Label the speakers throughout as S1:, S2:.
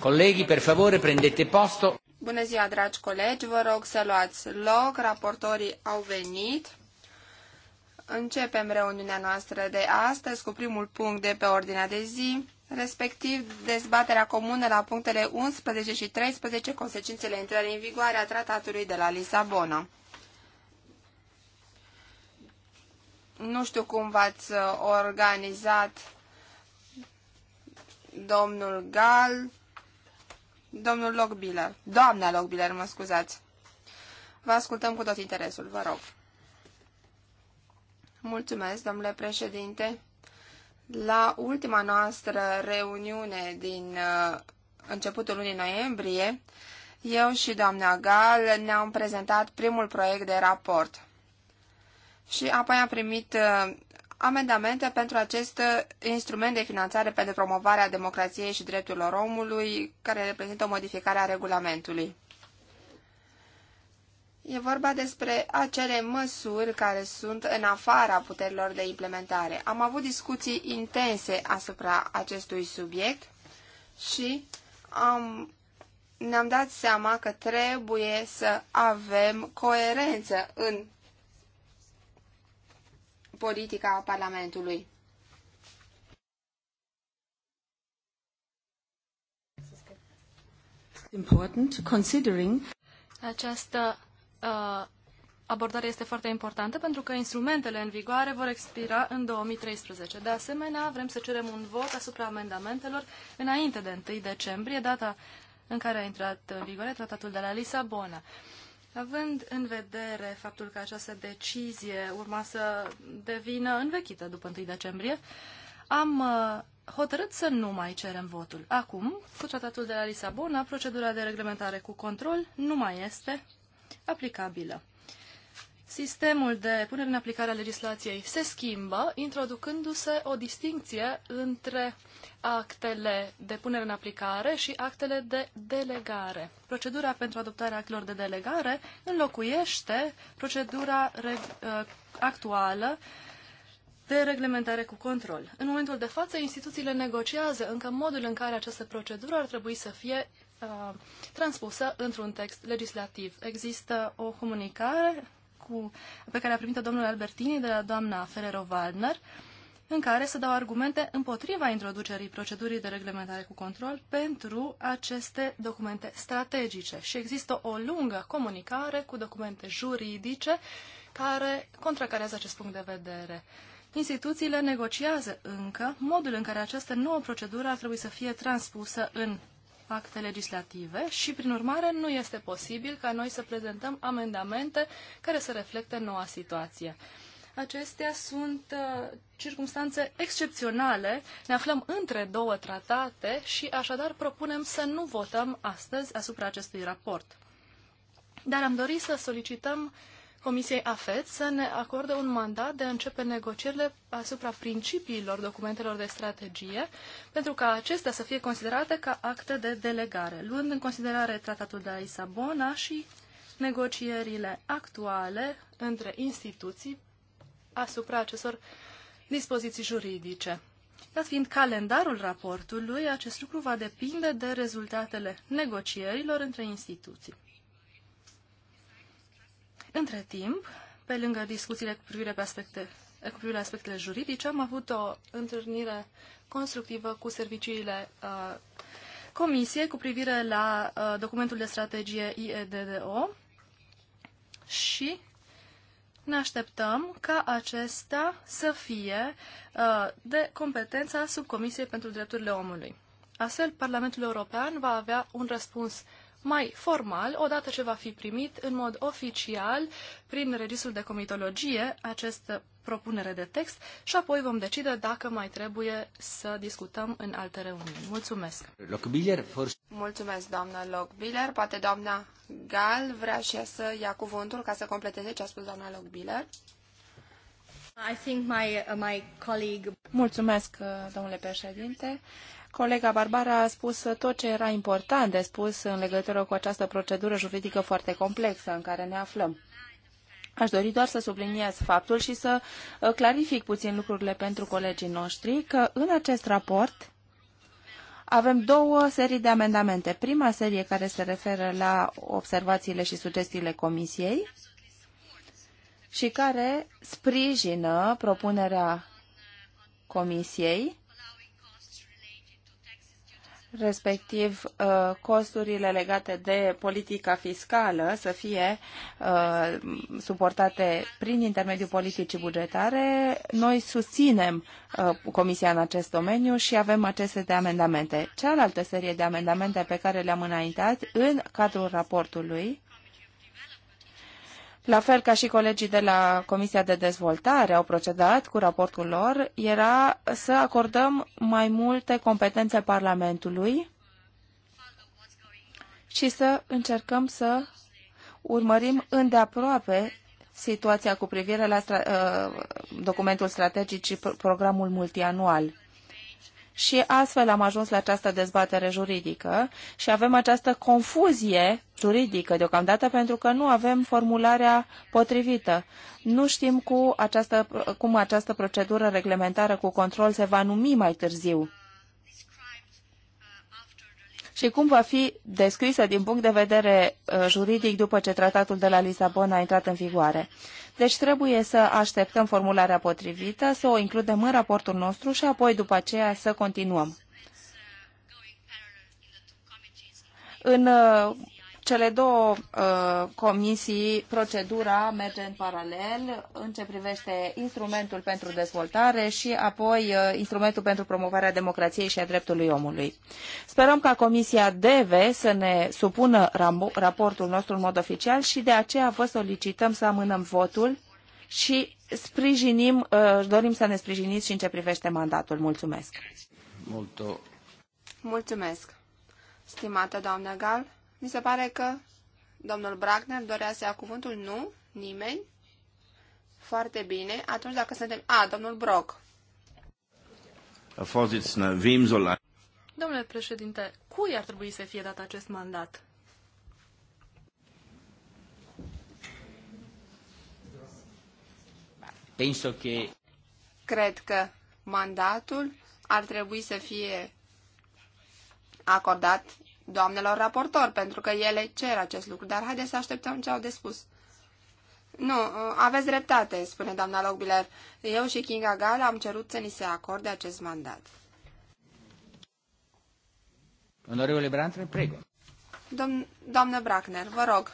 S1: Colegii, per favore, prendete posto.
S2: Bună ziua, dragi colegi, vă rog să luați loc, raportorii au venit. Începem reuniunea noastră de astăzi cu primul punct de pe ordinea de zi, respectiv dezbaterea comună la punctele 11 și 13, consecințele intrării în vigoare a tratatului de la Lisabona. Nu știu cum v-ați organizat domnul Gal, Domnul Lockbiller, doamna Lockbiller, mă scuzați. Vă ascultăm cu tot interesul, vă rog. Mulțumesc, domnule președinte. La ultima noastră reuniune din uh, începutul lunii noiembrie, eu și doamna Gal ne-am prezentat primul proiect de raport. Și apoi am primit uh, amendamente pentru acest uh, instrument de finanțare pentru promovarea democrației și drepturilor omului, care reprezintă o modificare a regulamentului. E vorba despre acele măsuri care sunt în afara puterilor de implementare. Am avut discuții intense asupra acestui subiect și am, ne-am dat seama că trebuie să avem coerență în politica a Parlamentului.
S3: Important, considering...
S4: Această uh, abordare este foarte importantă pentru că instrumentele în vigoare vor expira în 2013. De asemenea, vrem să cerem un vot asupra amendamentelor înainte de 1 decembrie, data în care a intrat în vigoare tratatul de la Lisabona. Având în vedere faptul că această decizie urma să devină învechită după 1 decembrie, am uh, hotărât să nu mai cerem votul. Acum, cu tratatul de la Lisabona, procedura de reglementare cu control nu mai este aplicabilă. Sistemul de punere în aplicare a legislației se schimbă, introducându-se o distinție între actele de punere în aplicare și actele de delegare. Procedura pentru adoptarea actelor de delegare înlocuiește procedura uh, actuală de reglementare cu control. În momentul de față, instituțiile negociază încă modul în care această procedură ar trebui să fie uh, transpusă într-un text legislativ. Există o comunicare cu, pe care a primit-o domnul Albertini de la doamna Ferero waldner în care se dau argumente împotriva introducerii procedurii de reglementare cu control pentru aceste documente strategice. Și există o lungă comunicare cu documente juridice care contracarează acest punct de vedere. Instituțiile negociază încă modul în care această nouă procedură ar trebui să fie transpusă în acte legislative și, prin urmare, nu este posibil ca noi să prezentăm amendamente care să reflecte noua situație. Acestea sunt uh, circumstanțe excepționale. Ne aflăm între două tratate și așadar propunem să nu votăm astăzi asupra acestui raport. Dar am dorit să solicităm Comisiei AFET să ne acorde un mandat de a începe negocierile asupra principiilor documentelor de strategie, pentru ca acestea să fie considerate ca acte de delegare, luând în considerare tratatul de la Lisabona și negocierile actuale între instituții asupra acestor dispoziții juridice. Dat fiind calendarul raportului, acest lucru va depinde de rezultatele negocierilor între instituții. Între timp, pe lângă discuțiile cu privire, pe aspecte, cu privire la aspectele juridice, am avut o întâlnire constructivă cu serviciile uh, Comisiei cu privire la uh, documentul de strategie IEDDO și ne așteptăm ca acesta să fie uh, de competența Subcomisiei pentru Drepturile Omului. Astfel, Parlamentul European va avea un răspuns mai formal, odată ce va fi primit în mod oficial prin registrul de comitologie această propunere de text și apoi vom decide dacă mai trebuie să discutăm în alte reuniuni. Mulțumesc! Mulțumesc,
S2: doamna Lockbiller. Poate doamna Gal vrea și să ia cuvântul ca să completeze ce a spus
S4: doamna Lockbiller. I think my, uh, my colleague...
S3: Mulțumesc, uh, domnule președinte. Colega Barbara a spus tot ce era important de spus în legătură cu această procedură juridică foarte complexă în care ne aflăm. Aș dori doar să subliniez faptul și să uh, clarific puțin lucrurile pentru colegii noștri că în acest raport avem două serii de amendamente. Prima serie care se referă la observațiile și sugestiile comisiei și care sprijină propunerea comisiei respectiv uh, costurile legate de politica fiscală să fie uh, suportate prin intermediul politicii bugetare. Noi susținem uh, Comisia în acest domeniu și avem aceste de amendamente. Cealaltă serie de amendamente pe care le-am înaintat în cadrul raportului la fel ca și colegii de la Comisia de Dezvoltare au procedat cu raportul lor, era să acordăm mai multe competențe Parlamentului și să încercăm să urmărim îndeaproape situația cu privire la stra uh, documentul strategic și programul multianual și astfel am ajuns la această dezbatere juridică și avem această confuzie juridică deocamdată pentru că nu avem formularea potrivită. Nu știm cu această, cum această procedură reglementară cu control se va numi mai târziu și cum va fi descrisă din punct de vedere uh, juridic după ce tratatul de la Lisabona a intrat în vigoare. Deci trebuie să așteptăm formularea potrivită, să o includem în raportul nostru și apoi după aceea să continuăm. În uh, cele două uh, comisii, procedura merge în paralel în ce privește instrumentul pentru dezvoltare și apoi uh, instrumentul pentru promovarea democrației și a dreptului omului. Sperăm ca Comisia DEVE să ne supună raportul nostru în mod oficial și de aceea vă solicităm să amânăm votul și sprijinim, uh, dorim să ne sprijiniți și în ce privește mandatul. Mulțumesc!
S1: Multo.
S2: Mulțumesc! Stimată doamnă Gal, mi se pare că domnul Brackner dorea să ia cuvântul. Nu? Nimeni?
S4: Foarte bine. Atunci dacă suntem... A, domnul Brock. Domnule președinte, cui ar trebui să fie dat acest mandat?
S1: Penso
S2: Cred că mandatul ar trebui să fie acordat doamnelor raportor, pentru că ele cer acest lucru, dar haideți să așteptăm ce au de spus. Nu, aveți dreptate, spune doamna Logbiler. Eu și Kinga Gal am cerut să ni se acorde acest mandat.
S1: Onorevole Brantner, prego.
S4: Dom. doamnă Brackner, vă rog.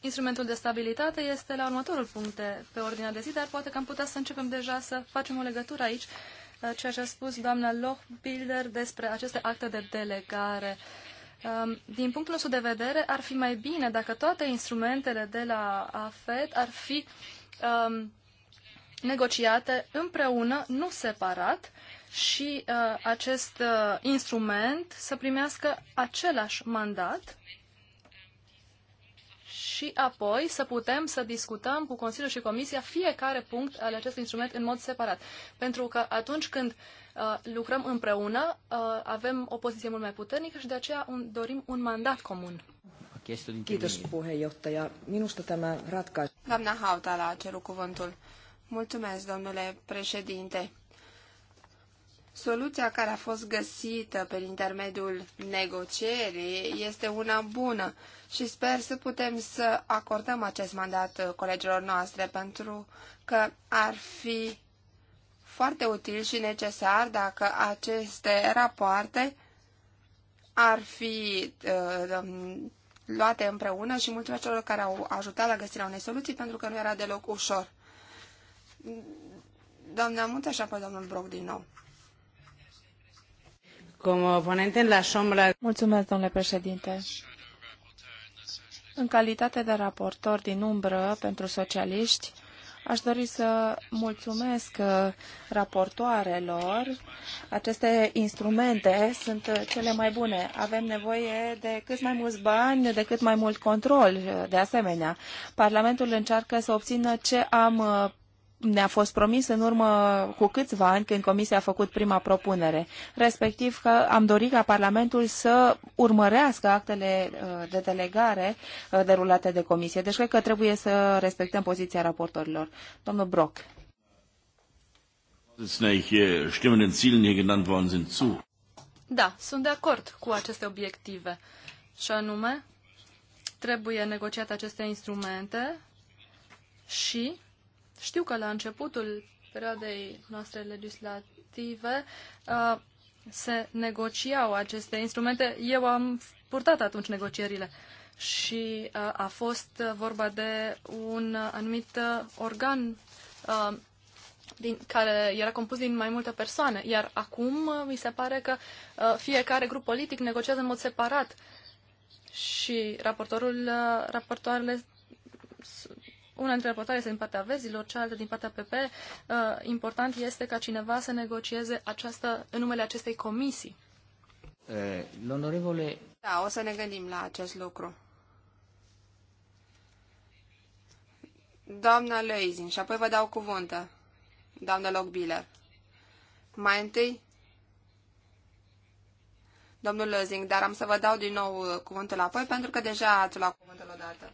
S4: Instrumentul de stabilitate este la următorul punct pe ordinea de zi, dar poate că am putea să începem deja să facem o legătură aici Uh, ceea ce a spus doamna Lochbilder despre aceste acte de delegare. Um, din punctul nostru de vedere, ar fi mai bine dacă toate instrumentele de la AFET ar fi um, negociate împreună, nu separat, și uh, acest uh, instrument să primească același mandat și apoi să putem să discutăm cu Consiliul și Comisia fiecare punct al acestui instrument în mod separat. Pentru că atunci când uh, lucrăm împreună, uh, avem o poziție mult mai puternică și de aceea un, dorim un mandat comun. Minusta Doamna Hautala a cerut cuvântul. Mulțumesc, domnule
S2: președinte. Soluția care a fost găsită prin intermediul negocierii este una bună și sper să putem să acordăm acest mandat colegilor noastre pentru că ar fi foarte util și necesar dacă aceste rapoarte ar fi uh, um, luate împreună și mulțumesc celor care au ajutat la găsirea unei soluții pentru că nu era deloc ușor. Doamna Munte și apoi domnul Broc din nou.
S3: Como ponente en la sombra. Mulțumesc, domnule președinte.
S2: În calitate
S3: de raportor din umbră pentru socialiști, Aș dori să mulțumesc uh, raportoarelor. Aceste instrumente sunt uh, cele mai bune. Avem nevoie de cât mai mulți bani, de cât mai mult control, uh, de asemenea. Parlamentul încearcă să obțină ce am ne-a fost promis în urmă cu câțiva ani când Comisia a făcut prima propunere, respectiv că am dorit ca Parlamentul să urmărească actele uh, de delegare uh, derulate de Comisie. Deci cred că trebuie să respectăm poziția raportorilor. Domnul Brock. Äh,
S4: da, sunt de acord cu aceste obiective. Și anume, trebuie negociate aceste instrumente și știu că la începutul perioadei noastre legislative uh, se negociau aceste instrumente. Eu am purtat atunci negocierile și uh, a fost vorba de un anumit organ uh, din, care era compus din mai multe persoane. Iar acum mi se pare că fiecare grup politic negociază în mod separat și raportorul, raportoarele una dintre raportare este din partea vezilor, cealaltă din partea PP. Uh, important este ca cineva să negocieze această, în numele acestei comisii.
S3: Eh, l'onorevole...
S4: Da, o să ne gândim la acest lucru.
S2: Doamna Leizin, și apoi vă dau cuvântă, doamna Logbiller. Mai întâi, domnul Leizin, dar am să vă dau din nou uh, cuvântul apoi, pentru că deja ați luat cuvântul odată.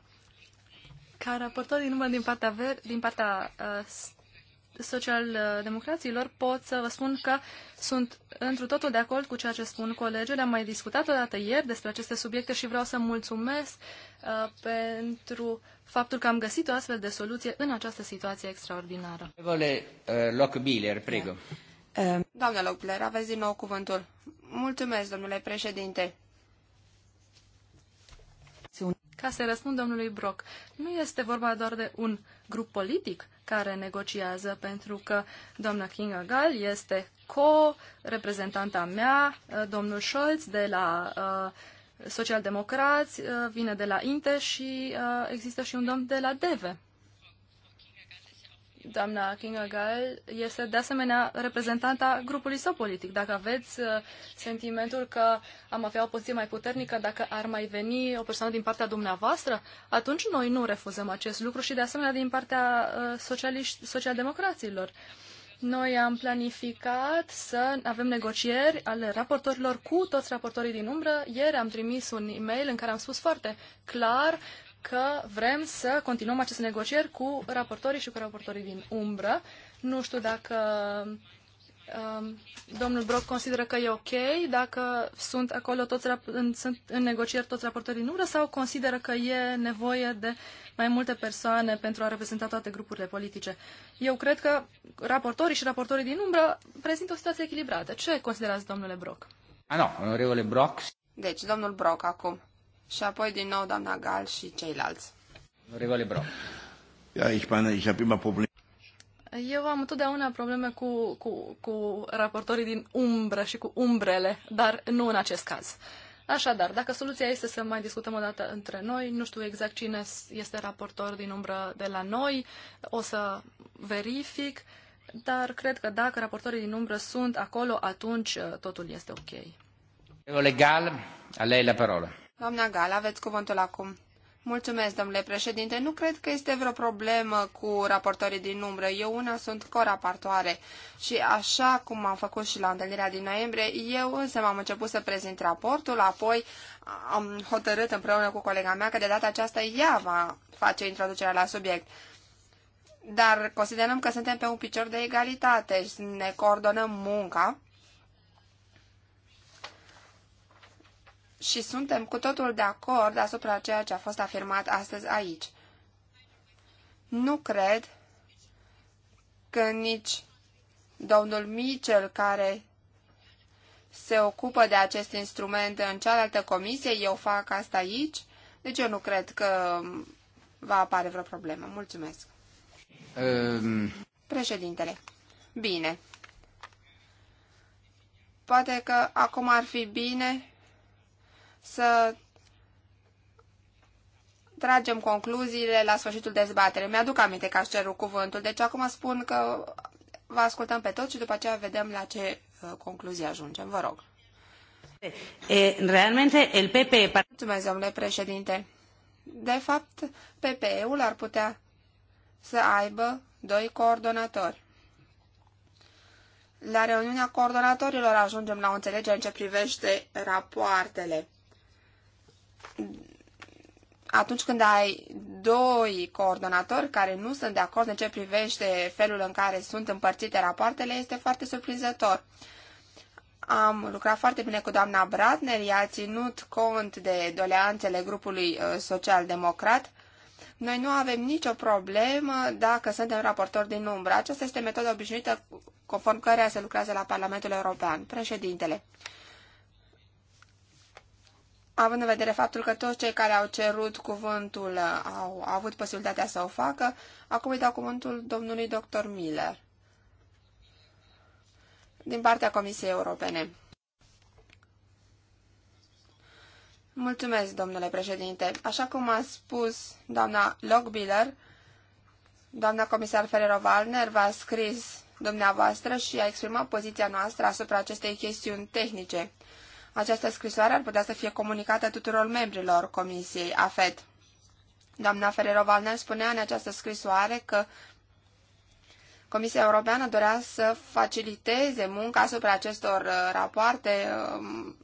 S4: Ca raportor din număr din partea, ver, din partea uh, social-democrațiilor, pot să vă spun că sunt întru totul de acord cu ceea ce spun colegele. Am mai discutat odată ieri despre aceste subiecte și vreau să mulțumesc uh, pentru faptul că am găsit o astfel de soluție în această situație extraordinară.
S1: Vole uh, Lockbiller, prego.
S4: Doamna Lockbiller, aveți din nou cuvântul. Mulțumesc, domnule președinte. Ca să răspund domnului Brock, nu este vorba doar de un grup politic care negociază, pentru că doamna Kinga Gal este co-reprezentanta mea, uh, domnul Scholz de la uh, Socialdemocrați, uh, vine de la Inte și uh, există și un domn de la Deve doamna Kinga Gall este de asemenea reprezentanta grupului său politic. Dacă aveți uh, sentimentul că am avea o poziție mai puternică dacă ar mai veni o persoană din partea dumneavoastră, atunci noi nu refuzăm acest lucru și de asemenea din partea uh, socialdemocraților. Noi am planificat să avem negocieri ale raportorilor cu toți raportorii din umbră. Ieri am trimis un e-mail în care am spus foarte clar că vrem să continuăm aceste negocieri cu raportorii și cu raportorii din umbră. Nu știu dacă um, domnul Brock consideră că e ok, dacă sunt acolo toți în, sunt în negocieri toți raportorii din umbră sau consideră că e nevoie de mai multe persoane pentru a reprezenta toate grupurile politice. Eu cred că raportorii și raportorii din umbră prezintă o situație echilibrată. Ce considerați, domnule Brock?
S1: Ah, nu, onorevole Brock.
S2: Deci, domnul Brock acum și apoi din nou doamna Gal și ceilalți.
S1: Rivali Bro. Probleme.
S4: Eu am întotdeauna probleme cu, cu, cu raportorii din umbră și cu umbrele, dar nu în acest caz. Așadar, dacă soluția este să mai discutăm o dată între noi, nu știu exact cine este raportor din umbră de la noi, o să verific, dar cred că dacă raportorii din umbră sunt acolo, atunci uh, totul este ok.
S1: Legal, a lei la parola.
S4: Doamna Gala, aveți cuvântul acum. Mulțumesc, domnule
S2: președinte. Nu cred că este vreo problemă cu raportorii din umbră. Eu una sunt coraportoare și așa cum am făcut și la întâlnirea din noiembrie, eu însă m-am început să prezint raportul, apoi am hotărât împreună cu colega mea că de data aceasta ea va face introducerea la subiect. Dar considerăm că suntem pe un picior de egalitate și ne coordonăm munca și suntem cu totul de acord asupra ceea ce a fost afirmat astăzi aici. Nu cred că nici domnul Mitchell, care se ocupă de acest instrument în cealaltă comisie, eu fac asta aici, deci eu nu cred că va apare vreo problemă. Mulțumesc. Um... Președintele. Bine. Poate că acum ar fi bine să tragem concluziile la sfârșitul dezbaterii. Mi-aduc aminte că aș cerut cuvântul, deci acum spun că vă ascultăm pe toți și după aceea vedem la ce uh, concluzie ajungem. Vă rog. realmente, el PP... Mulțumesc, domnule președinte. De fapt, PPE-ul ar putea să aibă doi coordonatori. La reuniunea coordonatorilor ajungem la o înțelegere în ce privește rapoartele atunci când ai doi coordonatori care nu sunt de acord în ce privește felul în care sunt împărțite rapoartele, este foarte surprinzător. Am lucrat foarte bine cu doamna Bratner, i a ținut cont de doleanțele grupului uh, social-democrat. Noi nu avem nicio problemă dacă suntem raportori din umbră. Aceasta este metoda obișnuită conform căreia se lucrează la Parlamentul European. Președintele, având în vedere faptul că toți cei care au cerut cuvântul au, uh, au avut posibilitatea să o facă, acum îi dau cuvântul domnului dr. Miller din partea Comisiei Europene. Mulțumesc, domnule președinte. Așa cum a spus doamna Lockbiller, doamna comisar Ferrero-Valner v-a scris dumneavoastră și a exprimat poziția noastră asupra acestei chestiuni tehnice. Această scrisoare ar putea să fie comunicată tuturor membrilor Comisiei AFET. Doamna Ferrero-Valner spunea în această scrisoare că Comisia Europeană dorea să faciliteze munca asupra acestor uh, rapoarte um,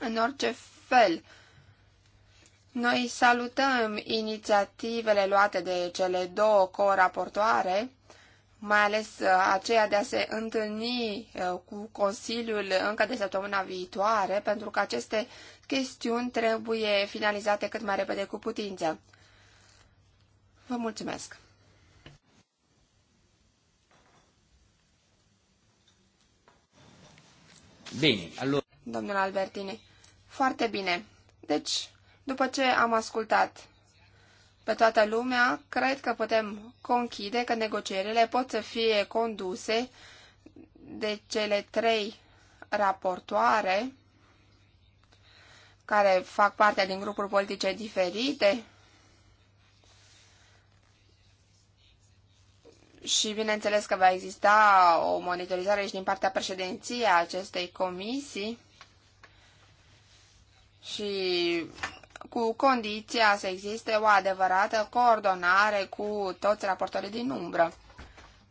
S2: în orice fel. Noi salutăm inițiativele luate de cele două co-raportoare mai ales uh, aceea de a se întâlni uh, cu Consiliul încă de săptămâna viitoare, pentru că aceste chestiuni trebuie finalizate cât mai repede cu putință. Vă mulțumesc!
S1: Bine, alu...
S2: Domnul Albertini, foarte bine. Deci, după ce am ascultat pe toată lumea, cred că putem conchide că negocierile pot să fie conduse de cele trei raportoare care fac parte din grupuri politice diferite și bineînțeles că va exista o monitorizare și din partea președinției a acestei comisii și cu condiția să existe o adevărată coordonare cu toți raportorii din umbră.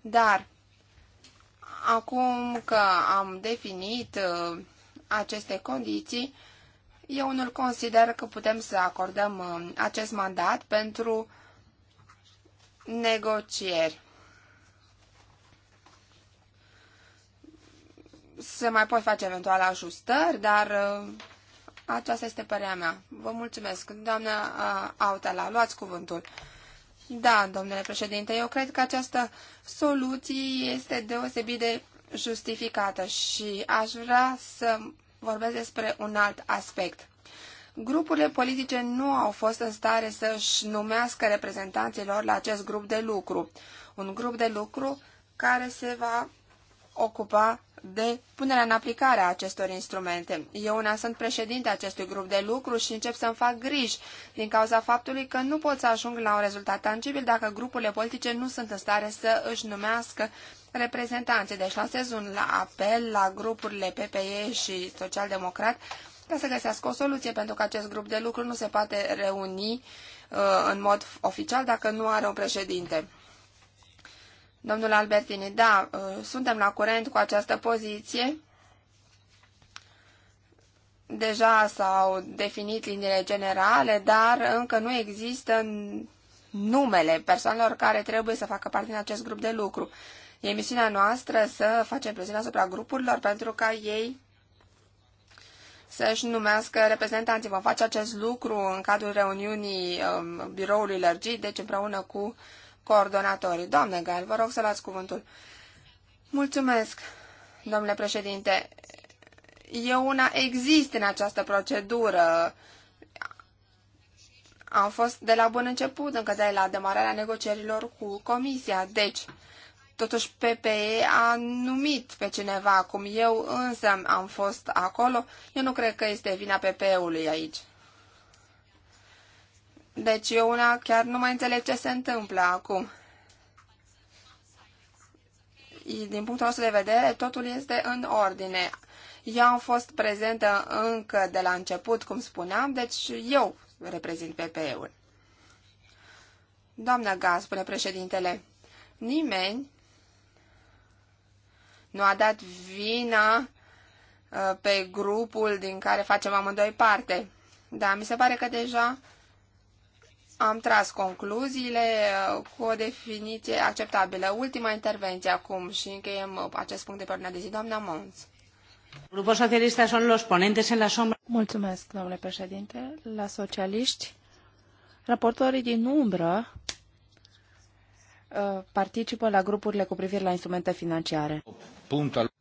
S2: Dar acum că am definit uh, aceste condiții, eu nu consider că putem să acordăm uh, acest mandat pentru negocieri. Se mai pot face eventual ajustări, dar uh, aceasta este părerea mea. Vă mulțumesc. Doamna uh, Autala, luați cuvântul. Da, domnule președinte, eu cred că această soluție este deosebit de justificată și aș vrea să vorbesc despre un alt aspect. Grupurile politice nu au fost în stare să-și numească reprezentanții lor la acest grup de lucru. Un grup de lucru care se va ocupa de punerea în aplicare a acestor instrumente. Eu una sunt președinte acestui grup de lucru și încep să-mi fac griji din cauza faptului că nu pot să ajung la un rezultat tangibil dacă grupurile politice nu sunt în stare să își numească reprezentanțe. Deci sezon un apel la grupurile PPE și Social-Democrat ca să găsească o soluție, pentru că acest grup de lucru nu se poate reuni uh, în mod oficial dacă nu are un președinte. Domnul Albertini, da, uh, suntem la curent cu această poziție. Deja s-au definit liniile generale, dar încă nu există numele persoanelor care trebuie să facă parte din acest grup de lucru. E misiunea noastră să facem presiune asupra grupurilor pentru ca ei să-și numească reprezentanții. Vom face acest lucru în cadrul reuniunii um, biroului lărgit, deci împreună cu uh, coordonatorii. Doamne Gal, vă rog să luați cuvântul. Mulțumesc, domnule președinte. Eu una există în această procedură. Am fost de la bun început, încă de la demararea negocierilor cu Comisia. Deci, totuși PPE a numit pe cineva, cum eu însă am fost acolo. Eu nu cred că este vina PPE-ului aici. Deci eu una chiar nu mai înțeleg ce se întâmplă acum. Din punctul nostru de vedere, totul este în ordine. Eu am fost prezentă încă de la început, cum spuneam, deci eu reprezint PPE-ul. Doamnă Gaz, spune președintele, nimeni nu a dat vina uh, pe grupul din care facem amândoi parte. Da, mi se pare că deja am tras concluziile uh, cu o definiție acceptabilă. Ultima intervenție acum și încheiem uh, acest punct de pe ordinea de zi. Doamna Mons. Grupul Socialista sunt los ponentes
S3: în la sombra. Mulțumesc, domnule președinte. La socialiști, raportorii din umbră uh, participă la grupurile cu privire la instrumente
S1: financiare.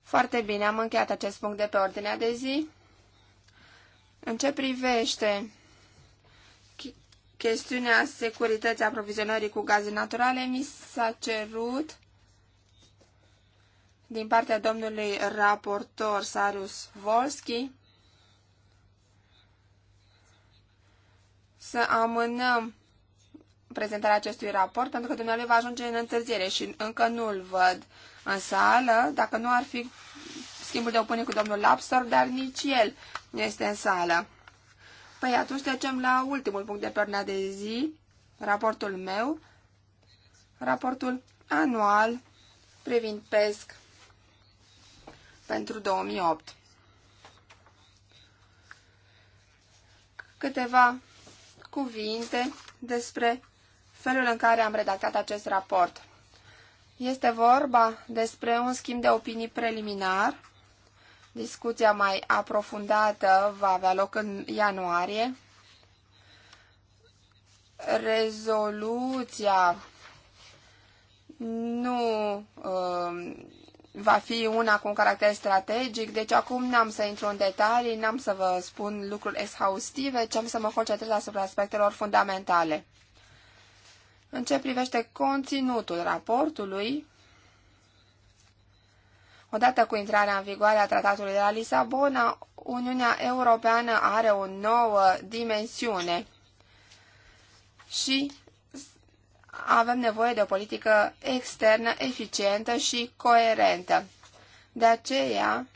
S2: Foarte bine, am încheiat acest punct de pe ordinea de zi. În ce privește chestiunea securității aprovizionării cu gaze naturale, mi s-a cerut din partea domnului raportor Sarus Volski să amânăm prezentarea acestui raport, pentru că dumneavoastră va ajunge în întârziere și încă nu-l văd în sală. Dacă nu ar fi schimbul de opinie cu domnul Lapsor, dar nici el nu este în sală. Păi atunci trecem la ultimul punct de pernea de zi, raportul meu, raportul anual privind PESC pentru 2008. Câteva cuvinte despre felul în care am redactat acest raport. Este vorba despre un schimb de opinii preliminar Discuția mai aprofundată va avea loc în ianuarie. Rezoluția nu uh, va fi una cu un caracter strategic, deci acum n-am să intru în detalii, n-am să vă spun lucruri exhaustive, ci am să mă concentrez asupra aspectelor fundamentale. În ce privește conținutul raportului, Odată cu intrarea în vigoare a tratatului de la Lisabona, Uniunea Europeană are o nouă dimensiune și avem nevoie de o politică externă eficientă și coerentă. De aceea,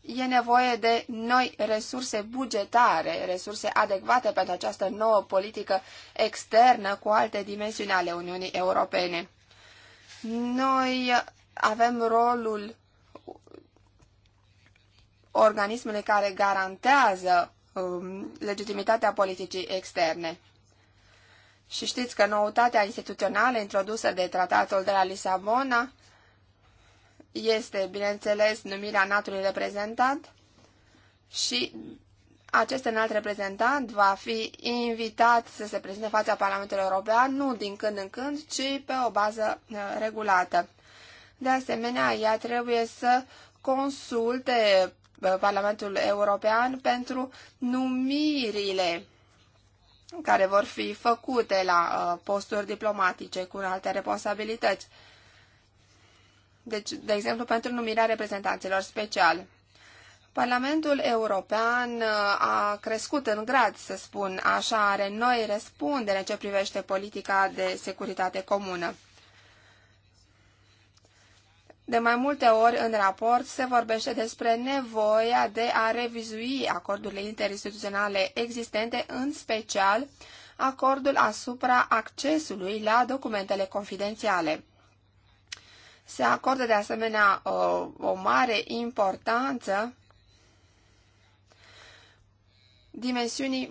S2: e nevoie de noi resurse bugetare, resurse adecvate pentru această nouă politică externă cu alte dimensiuni ale Uniunii Europene. Noi avem rolul organismului care garantează um, legitimitatea politicii externe. Și știți că noutatea instituțională introdusă de tratatul de la Lisabona este, bineînțeles, numirea natului reprezentant și acest înalt reprezentant va fi invitat să se prezinte fața Parlamentului European, nu din când în când, ci pe o bază uh, regulată. De asemenea, ea trebuie să consulte uh, Parlamentul European pentru numirile care vor fi făcute la uh, posturi diplomatice cu alte responsabilități. Deci, de exemplu, pentru numirea reprezentanților speciali. Parlamentul European uh, a crescut în grad, să spun așa, are noi răspundere ce privește politica de securitate comună. De mai multe ori în raport se vorbește despre nevoia de a revizui acordurile interinstituționale existente, în special acordul asupra accesului la documentele confidențiale. Se acordă de asemenea o, uh, o mare importanță dimensiunii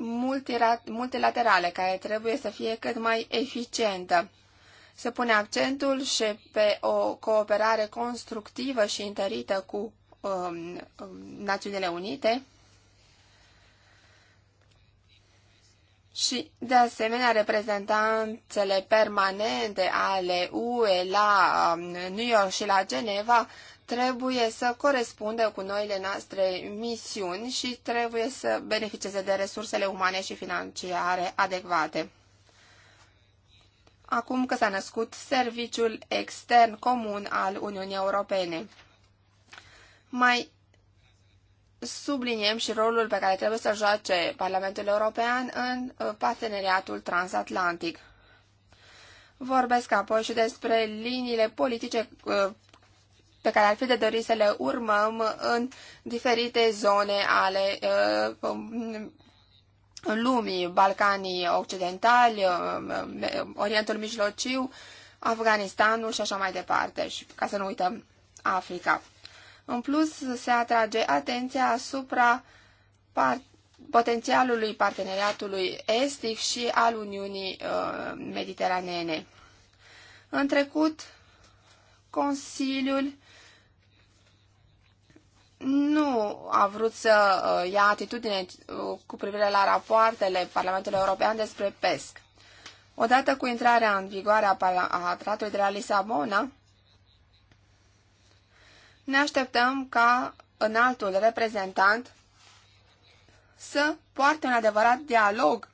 S2: multilaterale, care trebuie să fie cât mai eficientă. Se pune accentul și pe o cooperare constructivă și întărită cu um, um Națiunile Unite și, de asemenea, reprezentanțele permanente ale UE la um, New York și la Geneva trebuie să corespundă cu noile noastre misiuni și trebuie să beneficieze de resursele umane și financiare adecvate. Acum că s-a născut Serviciul Extern Comun al Uniunii Europene. Mai subliniem și rolul pe care trebuie să joace Parlamentul European în uh, parteneriatul transatlantic. Vorbesc apoi și despre liniile politice uh, pe care ar fi de dorit să le urmăm în diferite zone ale uh, um, lumii, Balcanii Occidentali, um, um, Orientul Mijlociu, Afganistanul și așa mai departe, și ca să nu uităm Africa. În plus, se atrage atenția asupra par potențialului parteneriatului estic și al Uniunii uh, Mediteraneene. În trecut, Consiliul nu a vrut să uh, ia atitudine uh, cu privire la rapoartele Parlamentului European despre PESC. Odată cu intrarea în vigoare a Tratului de la Lisabona, ne așteptăm ca înaltul reprezentant să poarte un adevărat dialog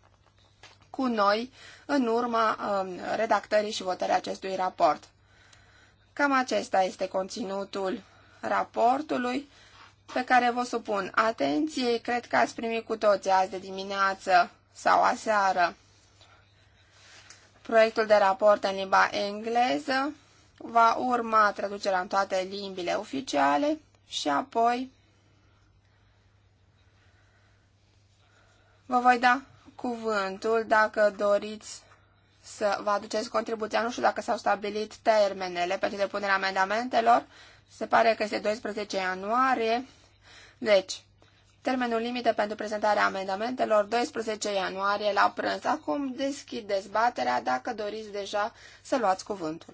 S2: cu noi în urma um, redactării și votării acestui raport. Cam acesta este conținutul raportului pe care vă supun atenției. Cred că ați primit cu toții azi de dimineață sau aseară proiectul de raport în limba engleză. Va urma traducerea în toate limbile oficiale și apoi vă voi da cuvântul dacă doriți să vă aduceți contribuția. Nu știu dacă s-au stabilit termenele pentru depunerea amendamentelor. Se pare că este 12 ianuarie. Deci, termenul limită pentru prezentarea amendamentelor 12 ianuarie la prânz. Acum deschid dezbaterea dacă doriți deja să luați cuvântul.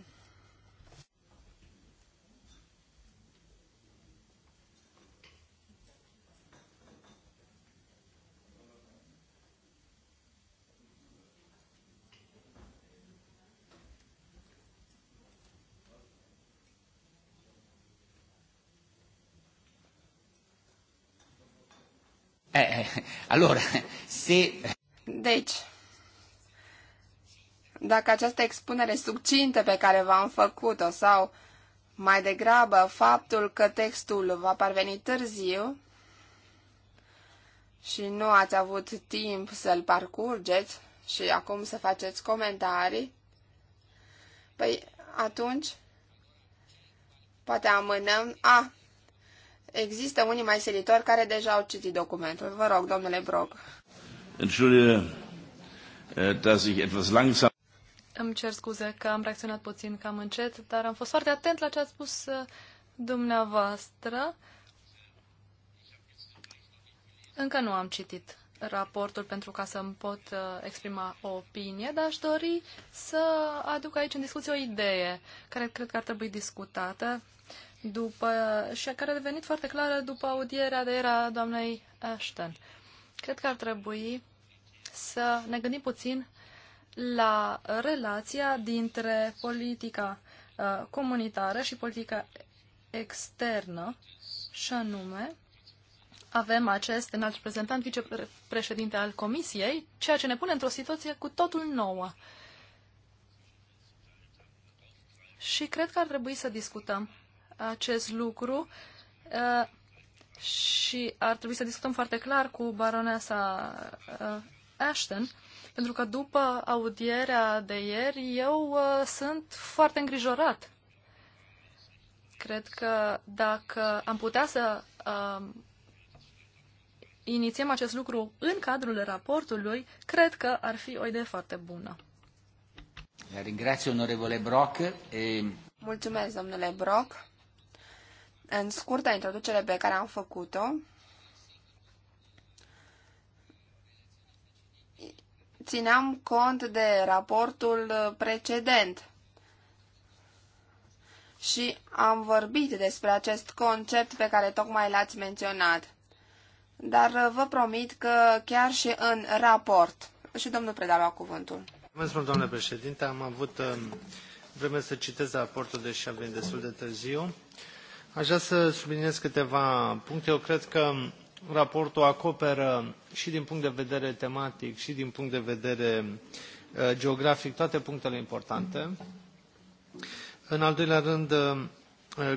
S1: Eh, eh, allora, se...
S2: Deci, dacă această expunere succintă pe care v-am făcut-o sau mai degrabă faptul că textul va parveni târziu și nu ați avut timp să-l parcurgeți și acum să faceți comentarii, păi atunci poate amânăm. A, ah, Există unii mai seritori care
S4: deja au citit documentul. Vă rog, domnule Brog.
S3: Eh,
S4: Îmi cer scuze că am reacționat puțin cam încet, dar am fost foarte atent la ce a spus eh, dumneavoastră. Încă nu am citit raportul pentru ca să-mi pot eh, exprima o opinie, dar aș dori să aduc aici în discuție o idee care cred că ar trebui discutată după, și care a devenit foarte clară după audierea de era doamnei Ashton. Cred că ar trebui să ne gândim puțin la relația dintre politica uh, comunitară și politica externă, și anume avem acest înalt reprezentant vicepreședinte al Comisiei, ceea ce ne pune într-o situație cu totul nouă. Și cred că ar trebui să discutăm acest lucru uh, și ar trebui să discutăm foarte clar cu baronesa uh, Ashton, pentru că după audierea de ieri eu uh, sunt foarte îngrijorat. Cred că dacă am putea să uh, inițiem acest lucru în cadrul raportului, cred că ar fi o idee foarte bună. Mulțumesc,
S2: domnule Brock în scurta introducere pe care am făcut-o, țineam cont de raportul precedent și am vorbit despre acest concept pe care tocmai l-ați menționat. Dar vă promit că chiar și în raport. Și domnul Preda lua
S1: cuvântul. Mulțumesc domnule președinte. Am avut um, vreme să citez raportul, deși a venit destul de târziu. Aș vrea să subliniez câteva puncte. Eu cred că raportul acoperă și din punct de vedere tematic și din punct de vedere uh, geografic toate punctele importante. În al doilea rând, uh,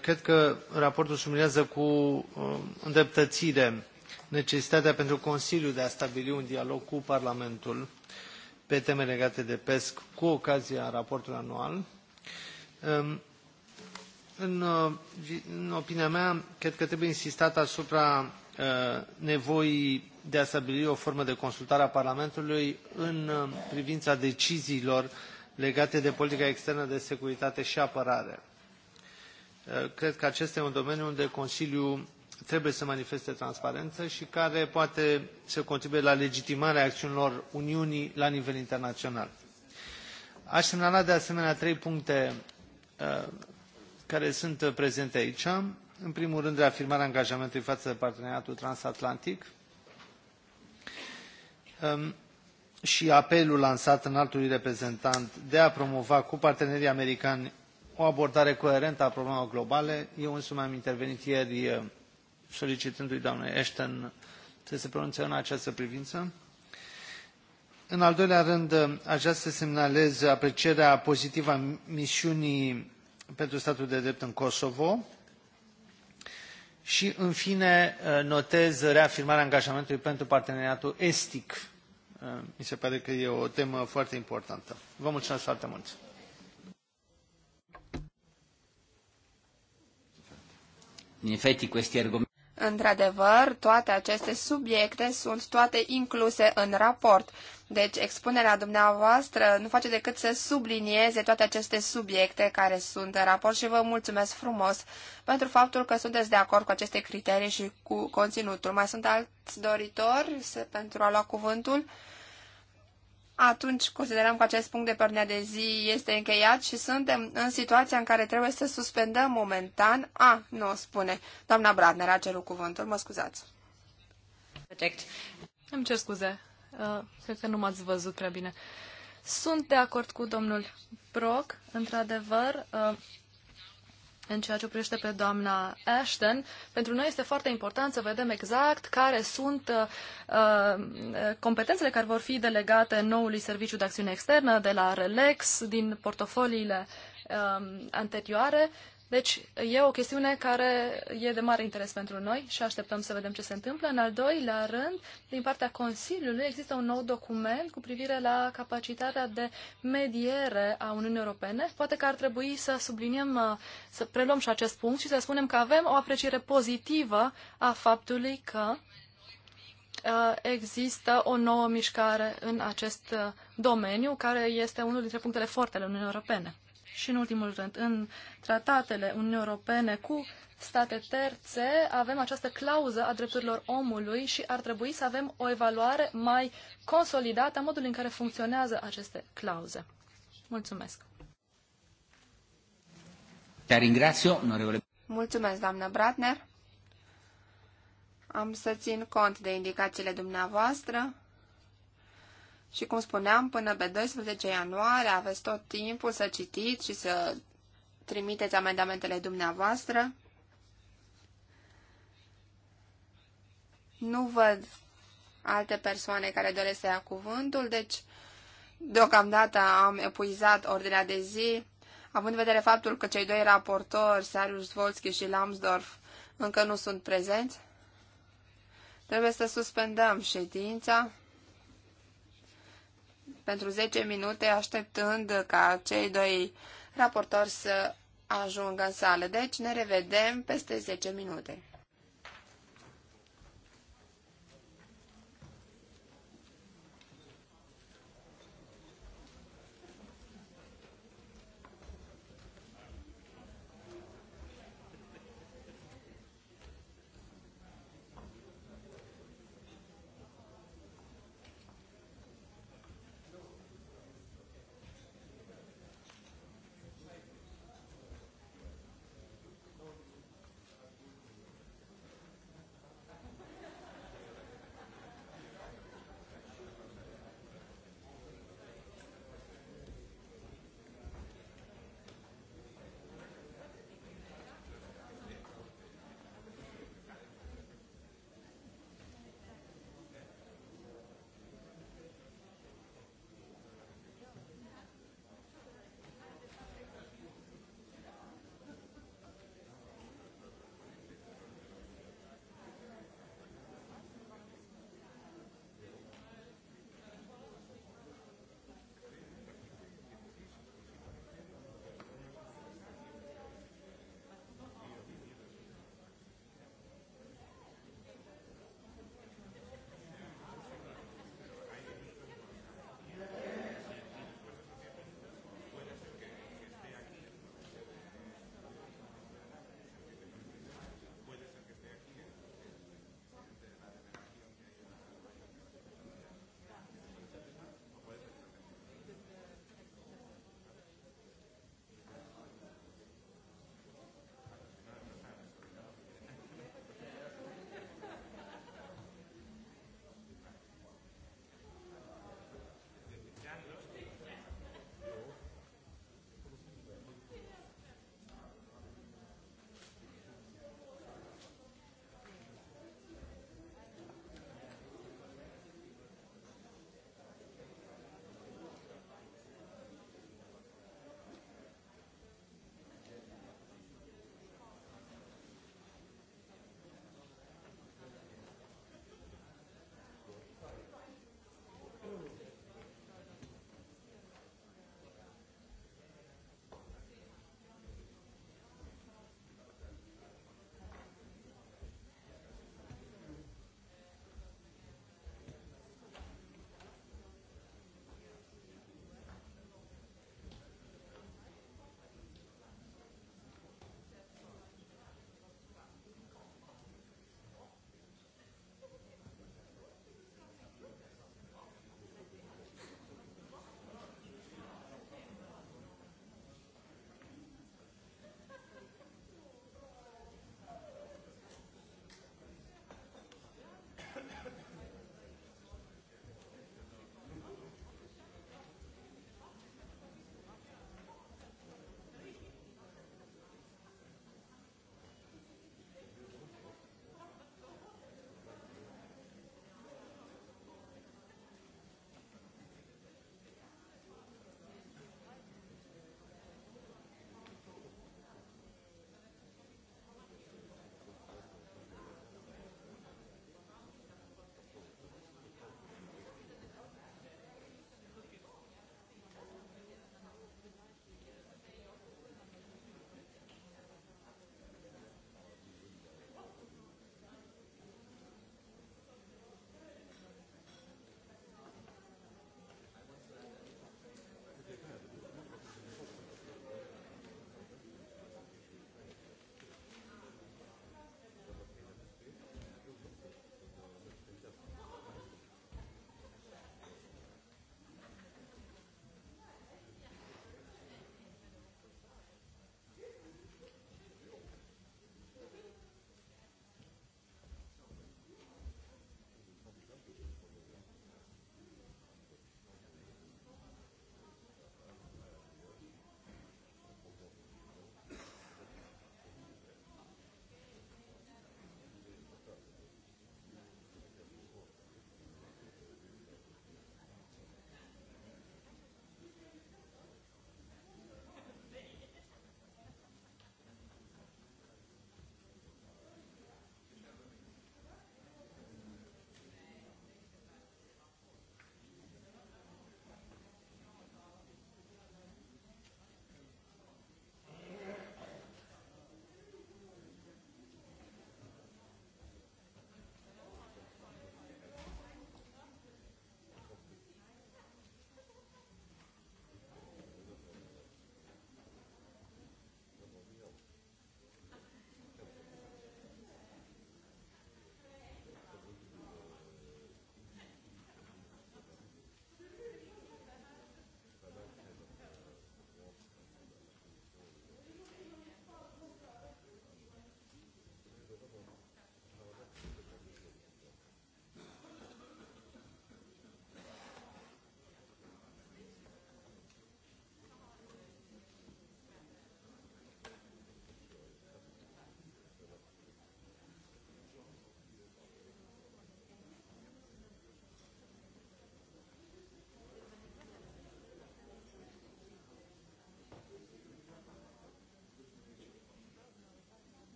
S1: cred că raportul subliniază cu uh, îndreptățire necesitatea pentru Consiliu de a stabili un dialog cu Parlamentul pe teme legate de pesc cu ocazia raportului anual. Um, în, uh, în opinia mea, cred că trebuie insistat asupra uh, nevoii de a stabili o formă de consultare a Parlamentului în uh, privința deciziilor legate de politica externă de securitate și apărare. Cred că acesta e un domeniu unde Consiliul trebuie să manifeste transparență și care poate să contribuie la legitimarea acțiunilor Uniunii la nivel internațional. Aș semnala de asemenea trei puncte care sunt uh, prezente aici. În primul rând, reafirmarea angajamentului față de parteneriatul transatlantic um, și apelul lansat înaltului reprezentant de a promova cu partenerii americani o abordare coerentă a problemelor globale. Eu însumi am intervenit ieri uh, solicitându-i doamnei Ashton să se pronunțe în această privință. În al doilea rând, uh, aș vrea să semnalez aprecierea pozitivă a misiunii pentru statul de drept în Kosovo și, în fine, uh, notez reafirmarea angajamentului pentru parteneriatul estic. Uh, mi se pare că e o temă foarte importantă. Vă mulțumesc foarte mult! In effetti questi argomenti
S2: Într-adevăr, toate aceste subiecte sunt toate incluse în raport. Deci, expunerea dumneavoastră nu face decât să sublinieze toate aceste subiecte care sunt în raport și vă mulțumesc frumos pentru faptul că sunteți de acord cu aceste criterii și cu conținutul. Mai sunt alți doritori pentru a lua cuvântul? atunci considerăm că acest punct de părnea de zi este încheiat și suntem în situația în care trebuie să suspendăm momentan. A, nu spune. Doamna Bradner a cerut cuvântul, mă scuzați.
S4: Perfect. Îmi cer scuze. Uh, cred că nu m-ați văzut prea bine. Sunt de acord cu domnul Brock. Într-adevăr, uh, în ceea ce privește pe doamna Ashton, pentru noi este foarte important să vedem exact care sunt uh, uh competențele care vor fi delegate noului serviciu de acțiune externă de la RELEX, din portofoliile uh, anterioare deci e o chestiune care e de mare interes pentru noi și așteptăm să vedem ce se întâmplă. În al doilea rând, din partea Consiliului există un nou document cu privire la capacitatea de mediere a Uniunii Europene. Poate că ar trebui să subliniem, uh, să preluăm și acest punct și să spunem că avem o apreciere pozitivă a faptului că uh, există o nouă mișcare în acest uh, domeniu, care este unul dintre punctele forte ale Uniunii Europene și, în ultimul rând, în tratatele Uniunii Europene cu state terțe avem această clauză a drepturilor omului și ar trebui să avem o evaluare mai consolidată a modului în care funcționează aceste clauze. Mulțumesc!
S1: Te ringrazio, onorevole.
S2: Mulțumesc, doamnă Bratner. Am să țin cont de indicațiile dumneavoastră. Și cum spuneam, până pe 12 ianuarie aveți tot timpul să citiți și să trimiteți amendamentele dumneavoastră. Nu văd alte persoane care doresc să ia cuvântul, deci deocamdată am epuizat ordinea de zi, având în vedere faptul că cei doi raportori, Sarius Volski și Lambsdorff, încă nu sunt prezenți. Trebuie să suspendăm ședința pentru 10 minute, așteptând ca cei doi raportori să ajungă în sală. Deci ne revedem peste 10 minute.